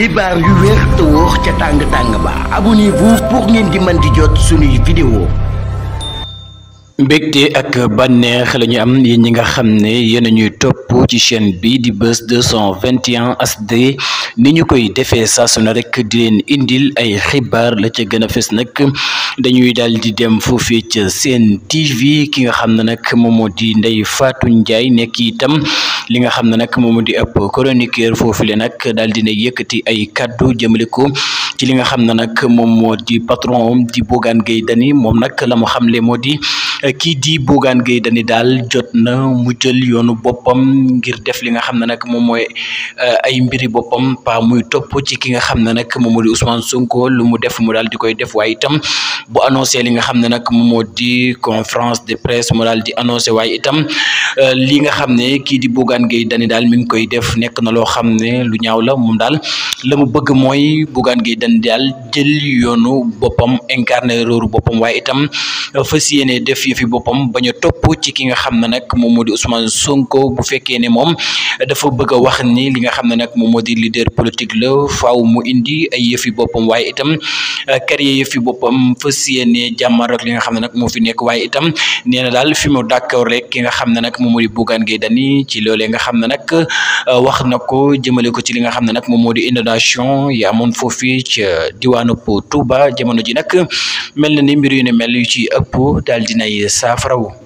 xibaar yu wér te wóor ca tàng tàng ba abonnez-vous pour ngeen di mën di jot suñuy vidéo mbégte ak bànneex la am yéen ñi nga xam ne yéen a ñuy topp ci chaîne bi di Buzz 221 ni ñu koy defee saa su ne rek di leen indil ay xibaar la ca gën a fes nag dañuy daal di dem foofee ca Sen TV ki nga xam ne nag moom moo di Ndeye Fatou Ndiaye nekk itam li nga xam ne nag moom di ëpp chroniqueur foofu le nag daal ne yëkkati ay kaddu jëmale ko ci li nga xam ne nag moom moo di patron di Bougane Gueye dani moom nag la moo xam le moo di Eh, kii di Bougane Gueye Dany daal jot na mu jël yoonu boppam ngir def li nga xam ne nag moom mooy eh, ay mbiri boppam pa muy topp ci ki nga xam ne nag moom moo di Ousmane Sonko mu def mu daal di koy def waaye itam bu annoncé li nga xam ne nag moo di conférence de presse mu daal di annoncé waay itam eh, li nga xam ne kii di Bougane Gueye Dany daal mi ngi koy def nekk na loo xam ne lu ñaaw la moom daal la mu bëgg mooy Bougane Gueye Dany daal jël yoonu boppam incarné rôle boppam waaye itam fas yéene def yëfi boppam bañ a topp ci ki nga xam ne nag moom moo di Ousmane Sonko bu fekkee ne moom dafa bëgg a wax ni li nga xam ne nag moom moo di leader politique la faw mu indi ay yëfi boppam waaye itam carrière yëfi boppam fas yéene jàmmar ak li nga xam ne nag moo fi nekk waaye itam nee na daal fi mu d'accord rek ki nga xam ne nag moom moo di Bougane Gueye Dany ci loolee nga xam ne nag wax na ko jëmale ko ci li nga xam ne nag moom moo di inondation yi amoon foofu ci diwaanu Touba jamono ji nag mel na ni mbir yu ne mel yu ci ëpp daal dinay saafaraw